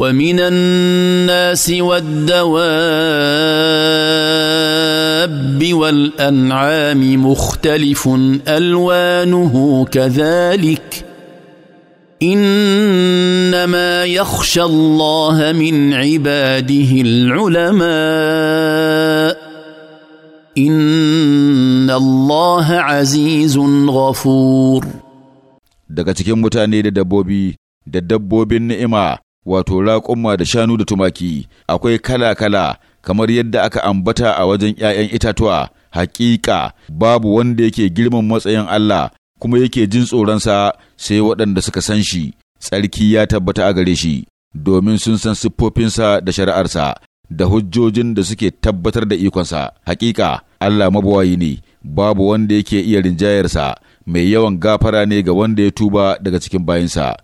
ومن الناس والدواب والانعام مختلف الوانه كذلك انما يخشى الله من عباده العلماء ان الله عزيز غفور daga متاني mutane دبوبي النئمه wato raƙumma da shanu da tumaki, akwai kala-kala kamar yadda aka ambata a wajen ‘ya'yan itatuwa, hakika babu wanda yake girman matsayin Allah kuma yake jin tsoronsa sai waɗanda suka san shi, tsarki ya tabbata a gare shi, domin sun san siffofinsa da shari'arsa, da hujjojin da suke tabbatar da ikonsa, hakika Allah mabawayi ne, babu wanda yake iya rinjayarsa, mai yawan gafara ne ga wanda ya tuba daga cikin bayinsa.